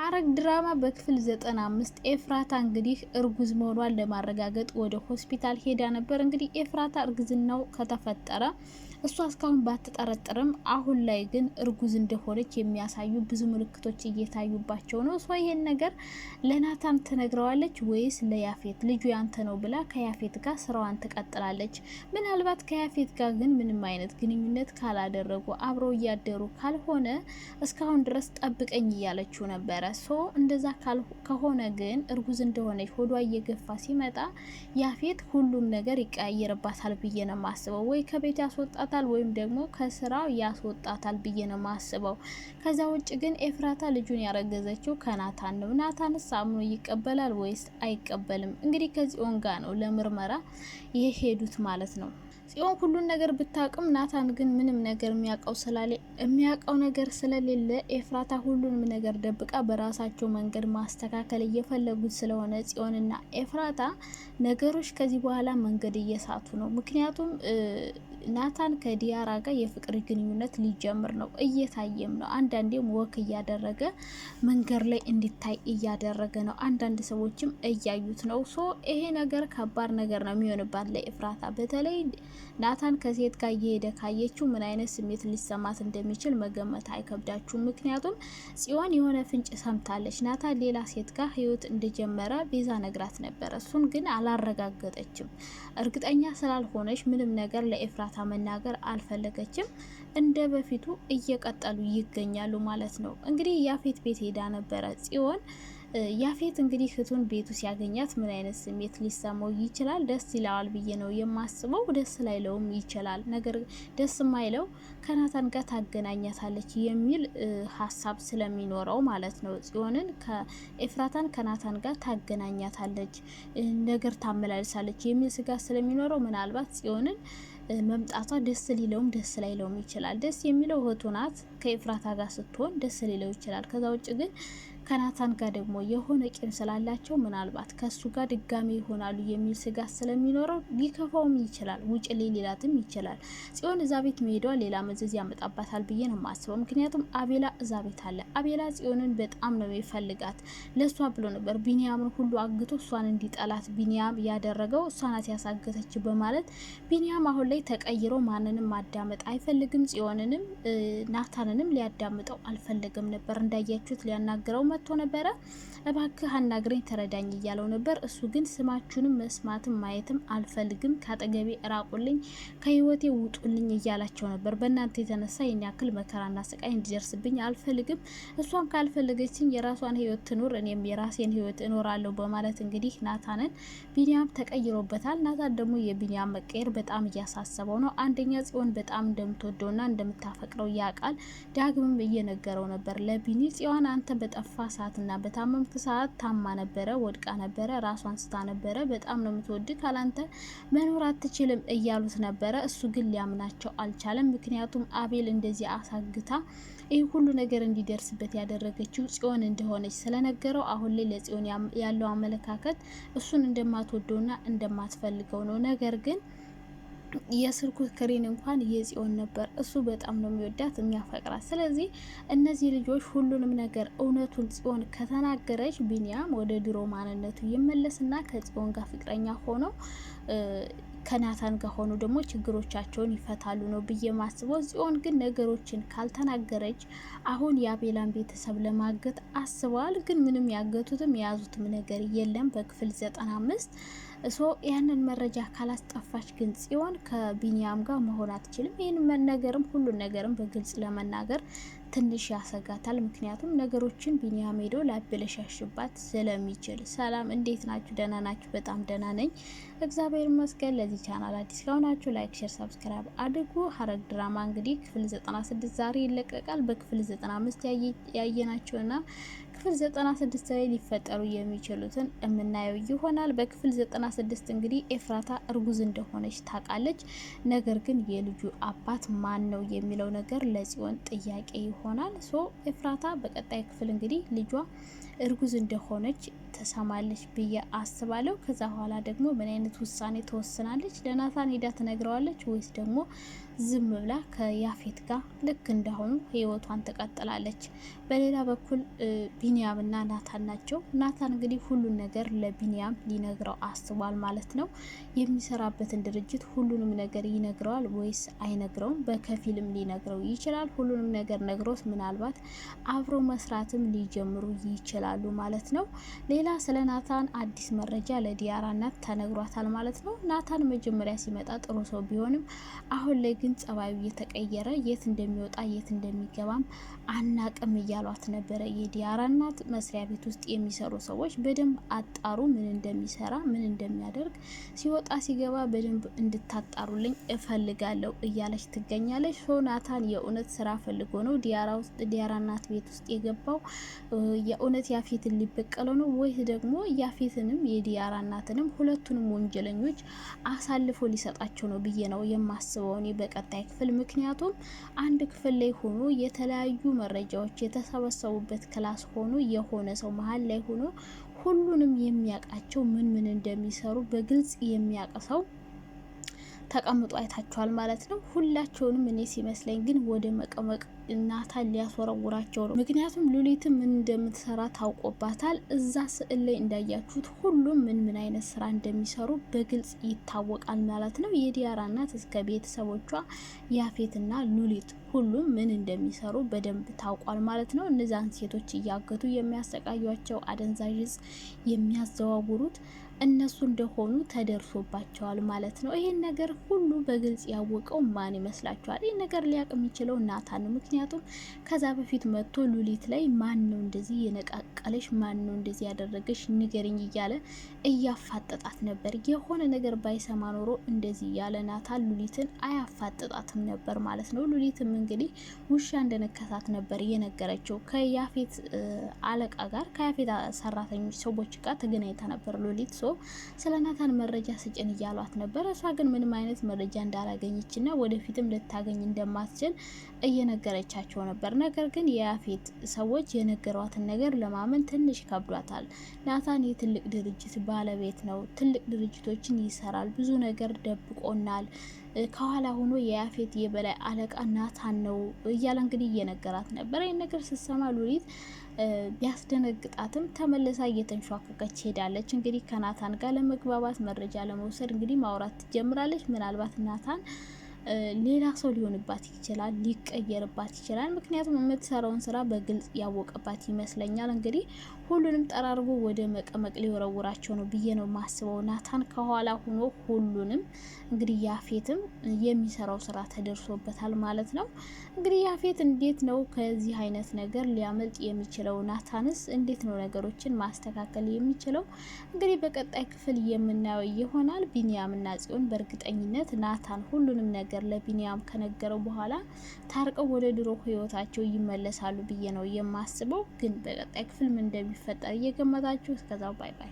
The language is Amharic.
ሐረግ ድራማ በክፍል 95 ኤፍራታ እንግዲህ እርጉዝ መሆኗን ለማረጋገጥ ወደ ሆስፒታል ሄዳ ነበር። እንግዲህ ኤፍራታ እርግዝናው ከተፈጠረ እሷ እስካሁን ባትጠረጥርም አሁን ላይ ግን እርጉዝ እንደሆነች የሚያሳዩ ብዙ ምልክቶች እየታዩባቸው ነው። እሷ ይሄን ነገር ለናታን ትነግረዋለች ወይስ ለያፌት? ልጁ ያንተ ነው ብላ ከያፌት ጋር ስራዋን ትቀጥላለች። ምናልባት ከያፌት ጋር ግን ምንም አይነት ግንኙነት ካላደረጉ አብረው እያደሩ ካልሆነ እስካሁን ድረስ ጠብቀኝ እያለችው ነበረ። ሶ እንደዛ ከሆነ ግን እርጉዝ እንደሆነች ሆዷ እየገፋ ሲመጣ ያፌት ሁሉን ነገር ይቀያየርባታል ብዬ ነው ማስበው። ወይ ከቤት ያስወጣታል ወይም ደግሞ ከስራ ያስወጣታል ብዬ ነው ማስበው። ከዛ ውጭ ግን ኤፍራታ ልጁን ያረገዘችው ከናታን ነው። ናታንስ አምኖ ይቀበላል ወይስ አይቀበልም? እንግዲህ ከዚህ ኦንጋ ነው ለምርመራ የሄዱት ማለት ነው። ጽዮን ሁሉን ነገር ብታውቅም ናታን ግን ምንም ነገር የሚያውቀው ስላለ የሚያውቀው ነገር ስለሌለ ኤፍራታ ሁሉንም ነገር ደብቃ በራሳቸው መንገድ ማስተካከል እየፈለጉት ስለሆነ ጽዮንና ኤፍራታ ነገሮች ከዚህ በኋላ መንገድ እየሳቱ ነው። ምክንያቱም ናታን ከዲያራ ጋር የፍቅር ግንኙነት ሊጀምር ነው፣ እየታየም ነው። አንዳንዴም ወክ እያደረገ መንገድ ላይ እንዲታይ እያደረገ ነው። አንዳንድ ሰዎችም እያዩት ነው። ሶ ይሄ ነገር ከባድ ነገር ነው የሚሆንባት ላይ እፍራታ። በተለይ ናታን ከሴት ጋር እየሄደ ካየችው ምን አይነት ስሜት ሊሰማት እንደሚችል መገመት አይከብዳችሁም። ምክንያቱም ጽዮን የሆነ ፍንጭ ሰምታለች። ናታን ሌላ ሴት ጋር ህይወት እንደጀመረ ቤዛ ነግራት ነበረ። እሱን ግን አላረጋገጠችም። እርግጠኛ ስላልሆነች ምንም ነገር ለኤፍራታ ቀጥታ መናገር አልፈለገችም። እንደ በፊቱ እየቀጠሉ ይገኛሉ ማለት ነው። እንግዲህ ያፌት ቤት ሄዳ ነበረ ጽዮን። ያፌት እንግዲህ እህቱን ቤቱ ሲያገኛት ምን አይነት ስሜት ሊሰማው ይችላል? ደስ ይለዋል ብዬ ነው የማስበው። ደስ ላይለውም ይችላል። ነገር ደስ ማይለው ከናታን ጋር ታገናኛታለች የሚል ሀሳብ ስለሚኖረው ማለት ነው። ጽዮንን ከኤፍራታን ከናታን ጋር ታገናኛታለች፣ ነገር ታመላልሳለች የሚል ስጋት ስለሚኖረው ምናልባት ጽዮንን መምጣቷ ደስ ሊለውም ደስ ላይለውም ይችላል። ደስ የሚለው እህቱ ናት ከኤፍራታ ጋር ስትሆን ደስ ሊለው ይችላል። ከዛ ውጭ ግን ከናታን ጋር ደግሞ የሆነ ቂም ስላላቸው ምናልባት ከሱ ጋር ድጋሚ ይሆናሉ የሚል ስጋት ስለሚኖረው ሊከፋውም ይችላል፣ ውጭ ላይ ሌላትም ይችላል። ጽዮን እዛ ቤት መሄዷ ሌላ መዘዝ ያመጣባታል ብዬ ነው የማስበው። ምክንያቱም አቤላ እዛ ቤት አለ። አቤላ ጽዮንን በጣም ነው የሚፈልጋት። ለእሷ ብሎ ነበር ቢንያምን ሁሉ አግቶ እሷን እንዲጠላት ቢንያም ያደረገው እሷ ናት ያሳገተች በማለት ቢንያም አሁን ላይ ተቀይሮ ማንንም ማዳመጥ አይፈልግም። ጽዮንንም ናታንንም ሊያዳምጠው አልፈለገም ነበር እንዳያችሁት ሊያናግረው መጥቶ ነበረ። እባክህ አናግረኝ፣ ተረዳኝ እያለው ነበር። እሱ ግን ስማችሁንም መስማትም ማየትም አልፈልግም፣ ከአጠገቤ እራቁልኝ፣ ከህይወቴ ውጡልኝ እያላቸው ነበር። በእናንተ የተነሳ የኔ ያክል መከራና ስቃይ እንዲደርስብኝ አልፈልግም። እሷም ካልፈለገችኝ የራሷን ህይወት ትኑር፣ እኔም የራሴን ህይወት እኖራለሁ በማለት እንግዲህ ናታንን ቢኒያም ተቀይሮበታል። ናታን ደግሞ የቢኒያም መቀየር በጣም እያሳሰበው ነው። አንደኛ ጽዮን በጣም እንደምትወደውና እንደምታፈቅረው ያውቃል። ዳግምም እየነገረው ነበር ለቢኒ ጽዮን አንተ በጠፋ ሰዓት እና በታመምክ ሰዓት ታማ ነበረ፣ ወድቃ ነበረ፣ ራሷን ስታ ነበረ፣ በጣም ነው የምትወድ፣ ካላንተ መኖር አትችልም እያሉት ነበረ። እሱ ግን ሊያምናቸው አልቻለም። ምክንያቱም አቤል እንደዚህ አሳግታ ይህ ሁሉ ነገር እንዲደርስበት ያደረገችው ጽዮን እንደሆነች ስለነገረው አሁን ላይ ለጽዮን ያለው አመለካከት እሱን እንደማትወደውና እንደማትፈልገው ነው። ነገር ግን የስልኩ ስክሪን እንኳን የጽዮን ነበር። እሱ በጣም ነው የሚወዳት የሚያፈቅራት። ስለዚህ እነዚህ ልጆች ሁሉንም ነገር እውነቱን ጽዮን ከተናገረች ቢኒያም ወደ ድሮ ማንነቱ ይመለስና ከጽዮን ጋር ፍቅረኛ ሆነው ከናታን ጋር ሆኑ ደግሞ ችግሮቻቸውን ይፈታሉ ነው ብዬ ማስበው። ጽዮን ግን ነገሮችን ካልተናገረች አሁን የአቤላን ቤተሰብ ለማገት አስበዋል። ግን ምንም ያገቱትም የያዙትም ነገር የለም። በክፍል ዘጠና አምስት እሶ ያንን መረጃ ካላስጠፋች ግን ጽዮን ከቢኒያም ጋር መሆን አትችልም። ይህን መነገርም ሁሉን ነገርም በግልጽ ለመናገር ትንሽ ያሰጋታል። ምክንያቱም ነገሮችን ቢኒያም ሄዶ ላበለሻሽባት ስለሚችል። ሰላም፣ እንዴት ናችሁ? ደህና ናችሁ? በጣም ደህና ነኝ፣ እግዚአብሔር ይመስገን። ለዚህ ቻናል አዲስ ከሆናችሁ ላይክ፣ ሼር፣ ሰብስክራይብ አድርጉ። ሐረግ ድራማ እንግዲህ ክፍል 96 ዛሬ ይለቀቃል። በክፍል 95 ያየናቸውና በክፍል 96 ላይ ሊፈጠሩ የሚችሉትን የምናየው ይሆናል። በክፍል 96 እንግዲህ ኤፍራታ እርጉዝ እንደሆነች ታውቃለች። ነገር ግን የልጁ አባት ማን ነው የሚለው ነገር ለጽዮን ጥያቄ ይሆናል። ሶ ኤፍራታ በቀጣይ ክፍል እንግዲህ ልጇ እርጉዝ እንደሆነች ተሰማለች ብዬ አስባለሁ። ከዛ በኋላ ደግሞ ምን አይነት ውሳኔ ተወስናለች? ለናታን ሄዳ ትነግረዋለች ወይስ ደግሞ ዝም ብላ ከያፌት ጋር ልክ እንዳሁኑ ህይወቷን ትቀጥላለች? በሌላ በኩል ቢንያም እና ናታን ናቸው። ናታን እንግዲህ ሁሉን ነገር ለቢንያም ሊነግረው አስቧል ማለት ነው። የሚሰራበትን ድርጅት ሁሉንም ነገር ይነግረዋል ወይስ አይነግረውም? በከፊልም ሊነግረው ይችላል። ሁሉንም ነገር ነግሮት ምናልባት አብሮ መስራትም ሊጀምሩ ይችላል ይችላሉ ማለት ነው። ሌላ ስለ ናታን አዲስ መረጃ ለዲያራ እናት ተነግሯታል ማለት ነው። ናታን መጀመሪያ ሲመጣ ጥሩ ሰው ቢሆንም አሁን ላይ ግን ጸባዩ እየተቀየረ የት እንደሚወጣ የት እንደሚገባም አናቅም እያሏት ነበረ የዲያራ እናት። መስሪያ ቤት ውስጥ የሚሰሩ ሰዎች በደንብ አጣሩ፣ ምን እንደሚሰራ ምን እንደሚያደርግ ሲወጣ ሲገባ በደንብ እንድታጣሩልኝ እፈልጋለሁ እያለች ትገኛለች። ሶ ናታን የእውነት ስራ ፈልጎ ነው ዲያራ እናት ቤት ውስጥ የገባው የእውነት ያፌትን ሊበቀለው ነው ወይስ ደግሞ ያፌትንም የዲያራ እናትንም ሁለቱንም ወንጀለኞች አሳልፎ ሊሰጣቸው ነው ብዬ ነው የማስበው እኔ በቀጣይ ክፍል። ምክንያቱም አንድ ክፍል ላይ ሆኖ የተለያዩ መረጃዎች የተሰበሰቡበት ክላስ ሆኖ የሆነ ሰው መሀል ላይ ሆኖ ሁሉንም የሚያውቃቸው ምን ምን እንደሚሰሩ በግልጽ ሰው ተቀምጦ አይታችኋል ማለት ነው። ሁላቸውንም እኔ ሲመስለኝ ግን ወደ መቀመቅ ናታን ሊያስወረውራቸው ነው። ምክንያቱም ሉሊትም ምን እንደምትሰራ ታውቆባታል። እዛ ስዕል ላይ እንዳያችሁት ሁሉም ምን ምን አይነት ስራ እንደሚሰሩ በግልጽ ይታወቃል ማለት ነው። የዲያራ እናት እስከ ቤተሰቦቿ ያፌትና ሉሊት ሁሉም ምን እንደሚሰሩ በደንብ ታውቋል ማለት ነው። እነዛን ሴቶች እያገቱ የሚያሰቃያቸው፣ አደንዛዥ እጽ የሚያዘዋውሩት እነሱ እንደሆኑ ተደርሶባቸዋል ማለት ነው። ይሄን ነገር ሁሉ በግልጽ ያወቀው ማን ይመስላችኋል? ይህን ነገር ሊያውቅ የሚችለው ናታን ነው። ምክንያቱም ከዛ በፊት መጥቶ ሉሊት ላይ ማን ነው እንደዚህ የነቃቀለሽ? ማን ነው እንደዚህ ያደረገሽ? ንገርኝ እያለ እያፋጠጣት ነበር። የሆነ ነገር ባይሰማ ኖሮ እንደዚህ ያለ ናታል ሉሊትን አያፋጠጣትም ነበር ማለት ነው። ሉሊትም እንግዲህ ውሻ እንደነከሳት ነበር የነገረችው። ከያፌት አለቃ ጋር ከያፌት ሰራተኞች ሰዎች ጋር ተገናኝታ ነበር ሉሊት። ሶ ስለ ናታን መረጃ ስጭን እያሏት ነበር። እሷ ግን ምንም አይነት መረጃ እንዳላገኘችና ወደፊትም ልታገኝ እንደማትችል እየነገረች እየተመቻቸው ነበር። ነገር ግን የያፌት ሰዎች የነገሯትን ነገር ለማመን ትንሽ ከብዷታል። ናታን የትልቅ ድርጅት ባለቤት ነው። ትልቅ ድርጅቶችን ይሰራል። ብዙ ነገር ደብቆናል። ከኋላ ሆኖ የያፌት የበላይ አለቃ ናታን ነው እያለ እንግዲህ እየነገራት ነበር። ይህን ነገር ስትሰማ ሉሊት ቢያስደነግጣትም ተመልሳ እየተንሿከቀች ሄዳለች። እንግዲህ ከናታን ጋር ለመግባባት መረጃ ለመውሰድ እንግዲህ ማውራት ትጀምራለች። ምናልባት ናታን ሌላ ሰው ሊሆንባት ይችላል፣ ሊቀየርባት ይችላል። ምክንያቱም የምትሰራውን ስራ በግልጽ ያወቀባት ይመስለኛል እንግዲህ ሁሉንም ጠራርጎ ወደ መቀመቅ ሊወረውራቸው ነው ብዬ ነው ማስበው። ናታን ከኋላ ሆኖ ሁሉንም እንግዲህ ያፌትም የሚሰራው ስራ ተደርሶበታል ማለት ነው። እንግዲህ ያፌት እንዴት ነው ከዚህ አይነት ነገር ሊያመልጥ የሚችለው? ናታንስ እንዴት ነው ነገሮችን ማስተካከል የሚችለው? እንግዲህ በቀጣይ ክፍል የምናየው ይሆናል። ቢንያምና ጽዮን በእርግጠኝነት ናታን ሁሉንም ነገር ለቢንያም ከነገረው በኋላ ታርቀው ወደ ድሮ ህይወታቸው ይመለሳሉ ብዬ ነው የማስበው። ግን በቀጣይ ክፍል ምን እንደሚ እንደሚፈጠር እየገመታችሁ እስከዛው ባይ ባይ።